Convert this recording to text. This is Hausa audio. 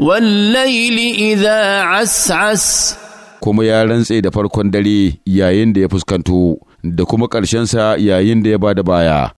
wallaili idha as'as kuma ya rantse da farkon dare yayin da ya fuskanto da kuma ƙarshensa yayin da ya ba da baya